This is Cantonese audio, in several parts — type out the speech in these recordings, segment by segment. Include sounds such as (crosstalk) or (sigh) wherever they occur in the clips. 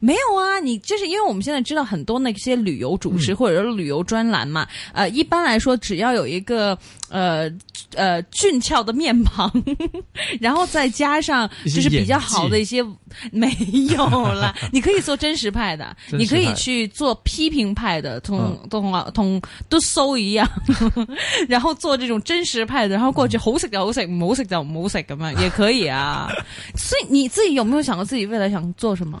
沒有啊，你就是因為我們現在知道很多那些旅遊主持或者說旅遊專欄嘛，嗯，呃，一般來說只要有一個呃呃俊俏的面龐，然後再加上就是比較好的一些，一些沒有了。你可以做真實， (laughs) 可以做真實，真實派的，你可以去做批評派的，同統統都搜一樣，然後做這種真實派的，然後過去好食就好食，唔好食就唔好食，咁也可以啊。 (laughs) 所以你自己有沒有想過自己未來想做什麼？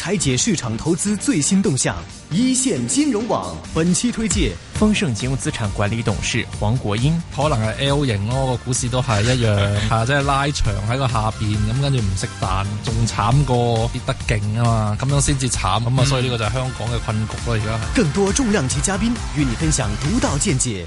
拆解市場投資最新動向，一綫金融網本期推介豐盛金融資產管理董事黃國英。可能係 L 型咯、哦，個股市都係一樣，啊、嗯，即係、就是、拉長喺個下邊，咁跟住唔識彈，仲慘過跌得勁啊嘛，咁樣先至慘咁啊、嗯，所以呢個就係香港嘅困局咯，而家。更多重量級嘉賓與你分享獨到見解。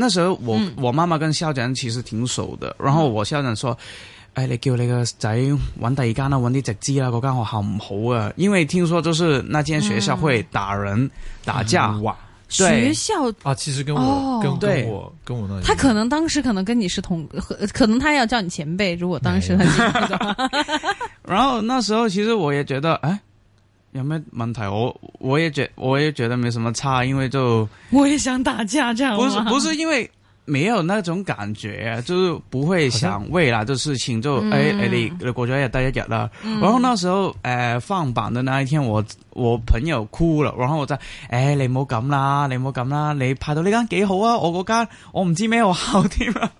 那時候我、嗯、我媽媽跟校長其實挺熟的，然後我校長說、嗯：“哎，你給我那、這個仔揾第二間啦，揾啲直資啊嗰間學校唔好啊，因為聽說就是那間學校會打人、嗯、打架。嗯”對，學校啊，其實跟我、哦、跟，跟，對跟我跟我那他可能當時可能跟你是同，可能他要叫你前輩。如果當時、啊、他、這個， (laughs) (laughs) (laughs) 然後那時候其實我也覺得哎。有咩問題？我我也覺得我也覺得沒什麼差，因為就我也想打架，這樣不是不是因為沒有那種感覺，就是不會想未來的事情。 (laughs) 就哎，誒、嗯欸欸、你過咗一日得一日喇。然後那時候，哎、呃，放榜的那一天，我我朋友哭了。然後我再，哎、欸，你唔好咁啦，你唔好咁啦，你派到呢間幾好啊？我嗰間我唔知咩學校添啊。 (laughs)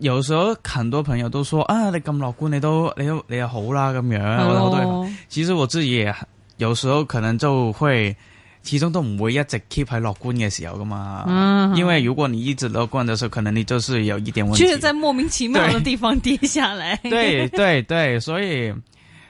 有時候很多朋友都說啊，你咁樂觀，你都你都你又好啦咁樣，Hello. 我都其實我自己也有時候可能就會始終都唔會一直 keep 喺樂觀嘅時候㗎嘛，Uh-huh. 因為如果你一直樂觀嘅時候，可能你就是有一點問題，就是在莫名其妙嘅地方跌下來。對對對，所以。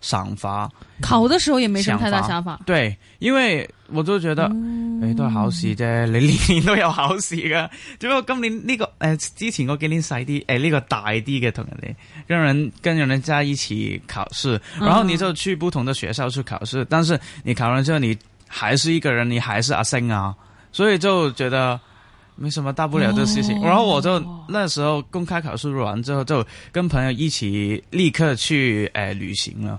想法，考的時候也沒什麼太大想法，對，因為我就覺得，嗯、誒，都係考試啫，你年年都有考試噶，只不過今年呢個誒，之前嗰幾年細啲，誒，呢、這個大啲嘅同人哋，讓人跟人跟人家一起考試，然後你就去不同的學校去考試、嗯，但是你考完之後你還是一個人，你還是阿星啊，所以就覺得沒什麼大不了的事情，哦、然後我就、哦、那時候公開考試入完之後，就跟朋友一起立刻去誒、呃、旅行了。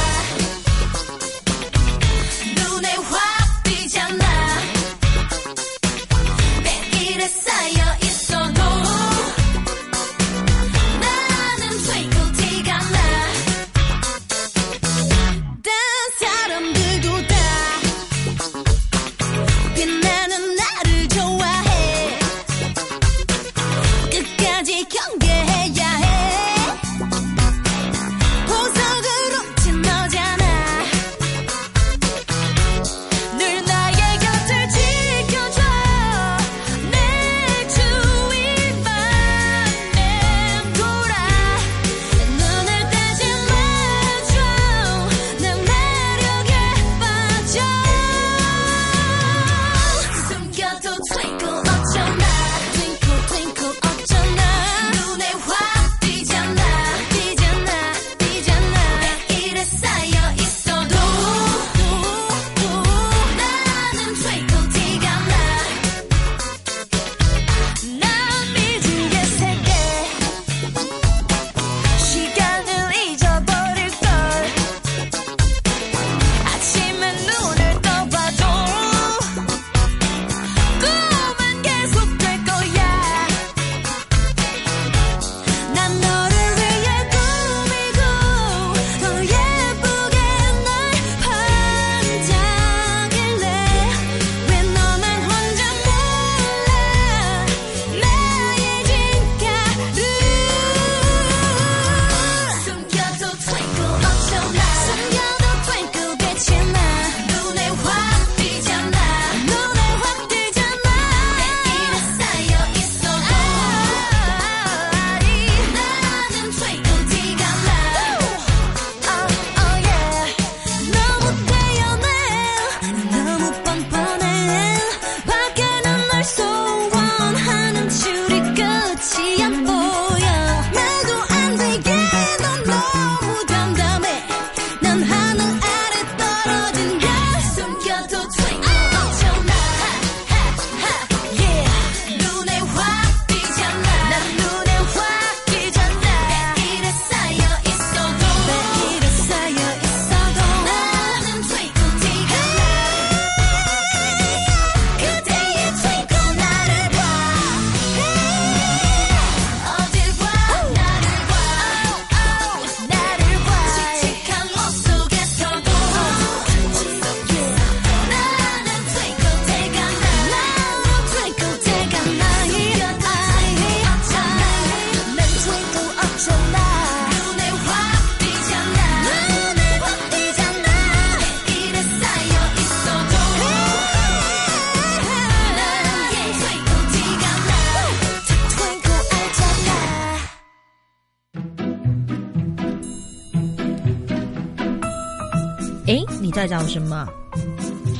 在找什麼？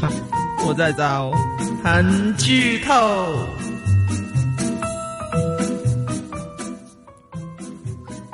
啊、我在找韓劇透。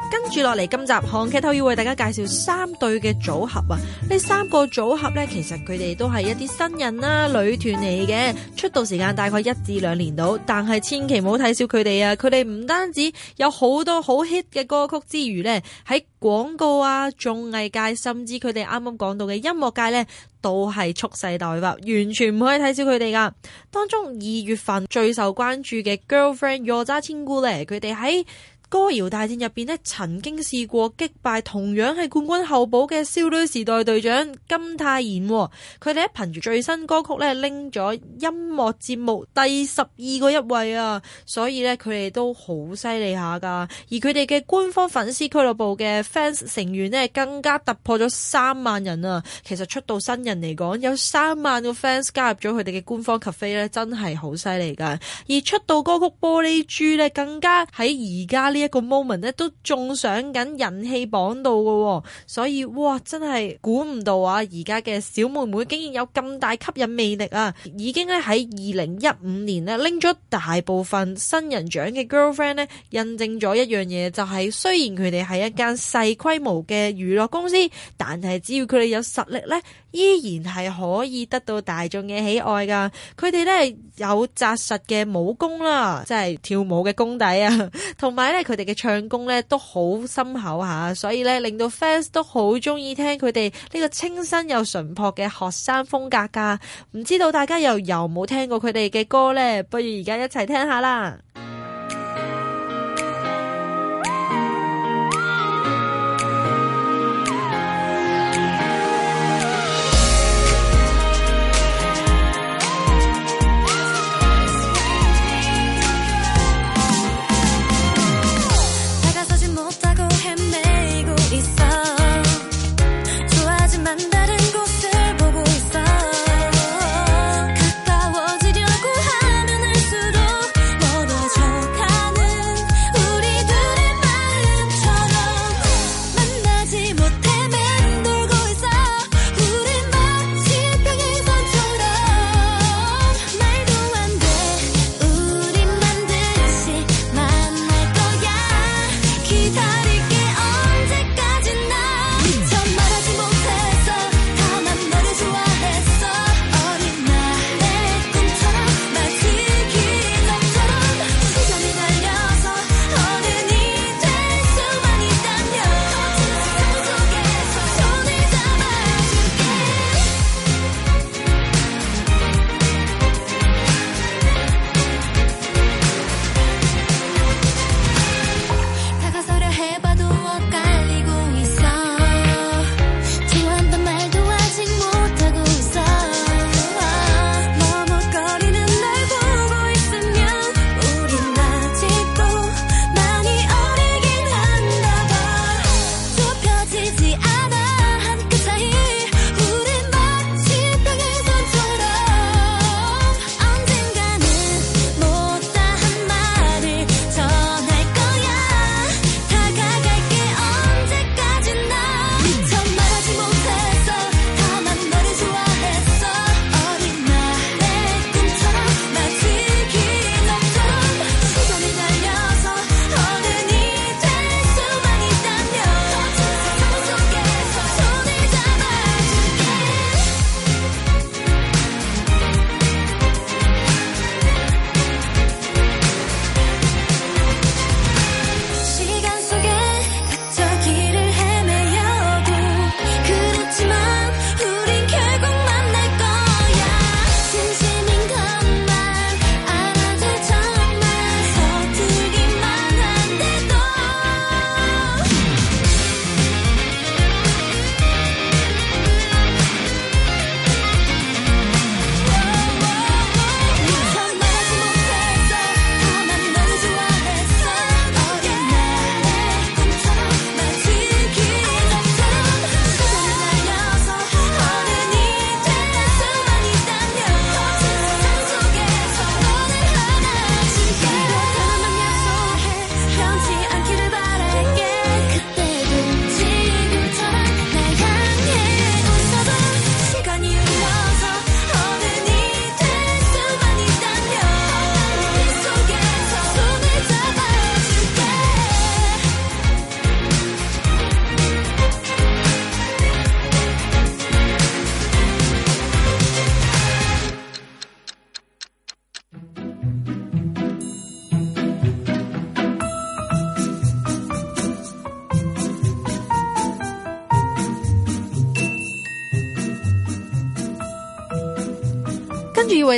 跟住落嚟今集韓劇透要為大家介紹三對嘅組合啊！呢三個組合咧，其實佢哋都係一啲新人啦、啊，女團嚟嘅，出道時間大概一至兩年到。但係千祈唔好睇小佢哋啊！佢哋唔單止有好多好 hit 嘅歌曲之餘呢。喺廣告啊，綜藝界，甚至佢哋啱啱講到嘅音樂界呢，都係蓄勢待發，完全唔可以睇小佢哋噶。當中二月份最受關注嘅 Girlfriend Your 扎千姑咧，佢哋喺。歌謠大戰入邊呢，曾經試過擊敗同樣係冠軍候補嘅少女時代隊長金泰妍，佢哋喺憑住最新歌曲咧拎咗音樂節目第十二個一位啊，所以咧佢哋都好犀利下噶。而佢哋嘅官方粉絲俱樂部嘅 fans 成員呢，更加突破咗三萬人啊。其實出道新人嚟講，有三萬個 fans 加入咗佢哋嘅官方 cafe 咧，真係好犀利噶。而出道歌曲《玻璃珠》咧，更加喺而家。呢一個 moment 咧都仲上緊人氣榜度嘅，所以哇，真係估唔到啊！而家嘅小妹妹竟然有咁大吸引魅力啊！已經咧喺二零一五年咧拎咗大部分新人獎嘅 girlfriend 咧，印證咗一樣嘢，就係雖然佢哋係一間細規模嘅娛樂公司，但係只要佢哋有實力咧。依然係可以得到大眾嘅喜愛㗎，佢哋咧有扎實嘅武功啦，即係跳舞嘅功底啊，同埋咧佢哋嘅唱功咧都好深厚吓，所以咧令到 fans 都好中意聽佢哋呢個清新又純朴嘅學生風格㗎。唔知道大家又有冇聽過佢哋嘅歌呢？不如而家一齊聽下啦。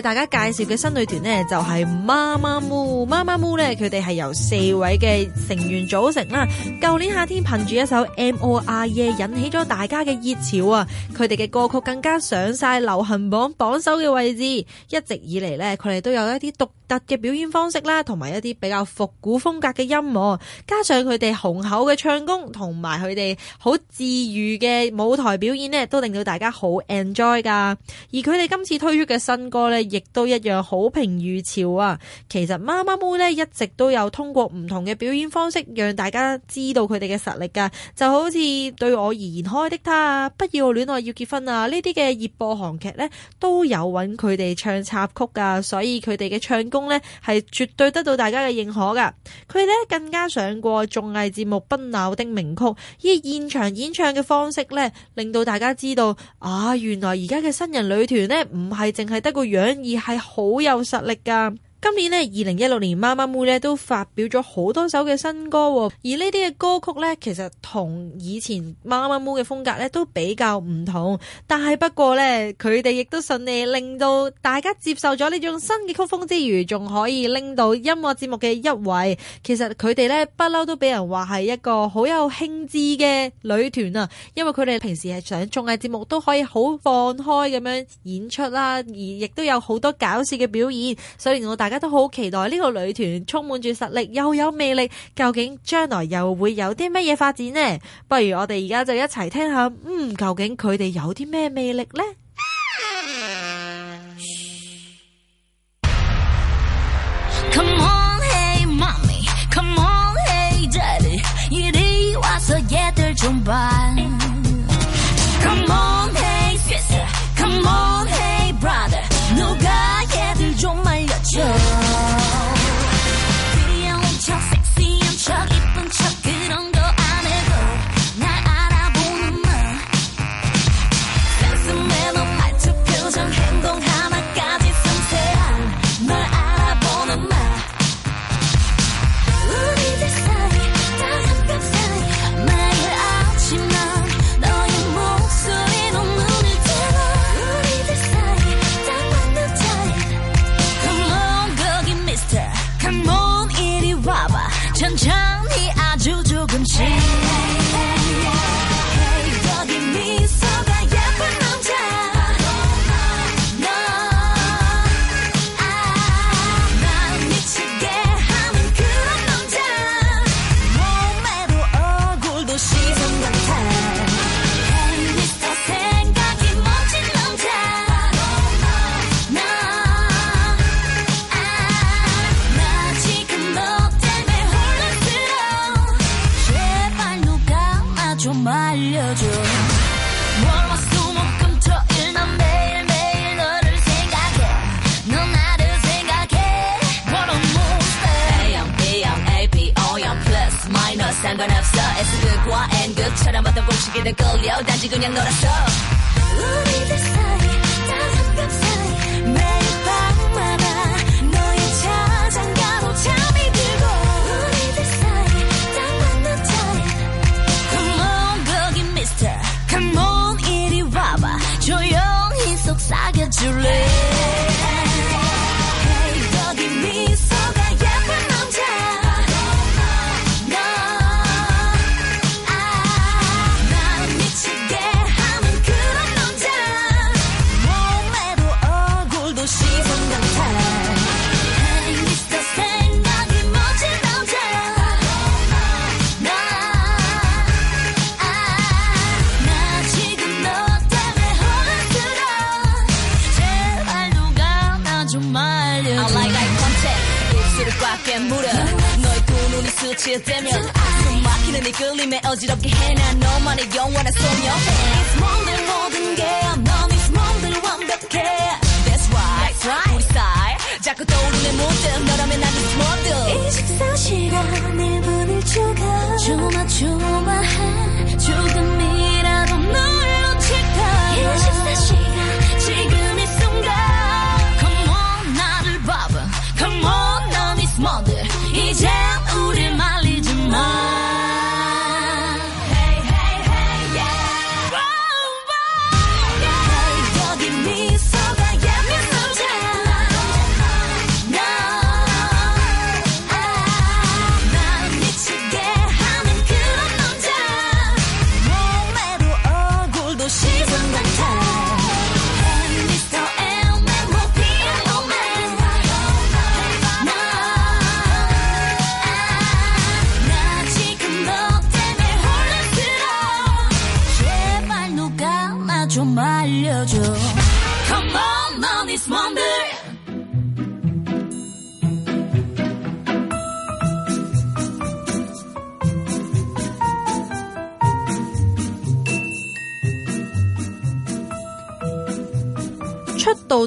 大家介紹嘅新女團呢，就係 Mamamoo，Mamamoo 咧，佢哋係由四位嘅成員組成啦。舊年夏天憑住一首《M O I E》引起咗大家嘅熱潮啊！佢哋嘅歌曲更加上晒流行榜榜榜首嘅位置，一直以嚟呢，佢哋都有一啲獨特嘅表演方式啦，同埋一啲比較復古風格嘅音樂，加上佢哋雄厚嘅唱功，同埋佢哋好治癒嘅舞台表演咧，都令到大家好 enjoy 噶。而佢哋今次推出嘅新歌咧，亦都一樣好評如潮啊！其實媽媽妹咧一直都有通過唔同嘅表演方式，讓大家知道佢哋嘅實力噶。就好似對我而言開的她啊、不要戀愛要結婚啊呢啲嘅熱播韓劇咧都有揾佢哋唱插曲噶，所以佢哋嘅唱功咧係絕對得到大家嘅認可噶佢咧更加上過綜藝節目《不朽的名曲》，以現場演唱嘅方式咧，令到大家知道啊，原來而家嘅新人女團呢，唔係淨係得個樣，而係好有實力噶。今年呢，二零一六年《媽媽妹》咧都發表咗好多首嘅新歌，而呢啲嘅歌曲咧，其實同以前《媽媽妹》嘅風格咧都比較唔同。但係不過咧，佢哋亦都順利令到大家接受咗呢種新嘅曲風之餘，仲可以拎到音樂節目嘅一位。其實佢哋咧不嬲都俾人話係一個好有興致嘅女團啊，因為佢哋平時係上綜藝節目都可以好放開咁樣演出啦，而亦都有好多搞笑嘅表演，所以我大。大家都好期待呢個女團，充滿住實力又有魅力，究竟將來又會有啲乜嘢發展呢？不如我哋而家就一齊聽下，嗯，究竟佢哋有啲咩魅力呢？ (music)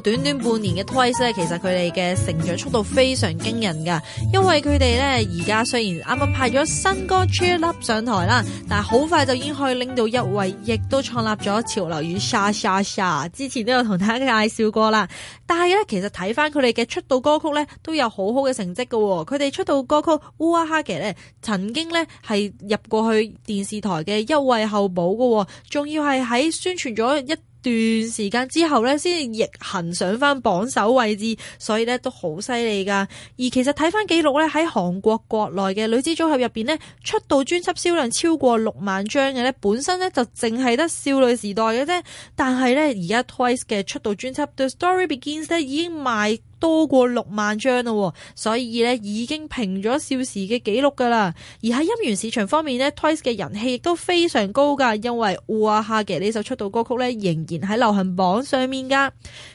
短短半年嘅 TWICE 咧，其實佢哋嘅成長速度非常驚人噶，因為佢哋咧而家雖然啱啱派咗新歌《Cheer Up》上台啦，但係好快就已經可以拎到一位，亦都創立咗潮流與 sha sha sha，之前都有同大家介紹過啦，但係咧其實睇翻佢哋嘅出道歌曲咧都有好好嘅成績嘅喎。佢哋出道歌曲《烏拉哈奇》咧，曾經咧係入過去電視台嘅一位候補嘅喎，仲要係喺宣傳咗一。段時間之後咧，先逆行上翻榜首位置，所以咧都好犀利噶。而其實睇翻記錄咧，喺韓國國內嘅女子組合入邊咧，出道專輯銷量超過六萬張嘅咧，本身咧就淨係得少女時代嘅啫。但係咧而家 TWICE 嘅出道專輯《The Story Begins》咧已經賣。多過六萬張咯，所以咧已經平咗少時嘅記錄噶啦。而喺音源市場方面咧，Twice 嘅人氣亦都非常高噶，因為《哇哈嘅》呢首出道歌曲咧仍然喺流行榜上面噶。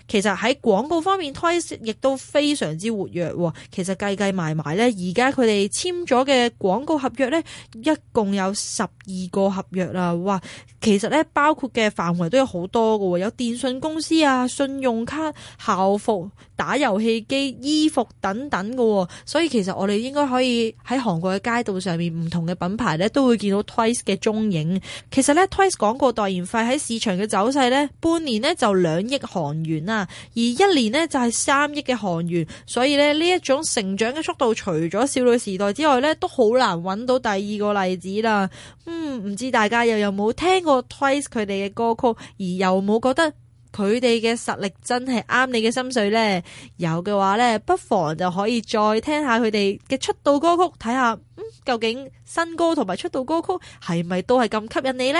其實喺廣告方面，Twice 亦都非常之活躍。其實計計埋埋咧，而家佢哋簽咗嘅廣告合約咧，一共有十二個合約啦。哇，其實咧包括嘅範圍都有好多噶，有電信公司啊、信用卡、校服、打遊。遊戲機、衣服等等嘅，所以其實我哋應該可以喺韓國嘅街道上面，唔同嘅品牌咧都會見到 Twice 嘅蹤影。其實咧 Twice 廣告代言費喺市場嘅走勢咧，半年呢就兩億韓元啦，而一年呢就係三億嘅韓元。所以咧呢一種成長嘅速度，除咗少女時代之外咧，都好難揾到第二個例子啦。嗯，唔知大家又有冇聽過 Twice 佢哋嘅歌曲，而又冇覺得？佢哋嘅實力真係啱你嘅心水呢？有嘅話呢，不妨就可以再聽下佢哋嘅出道歌曲，睇下，嗯，究竟新歌同埋出道歌曲係咪都係咁吸引你呢？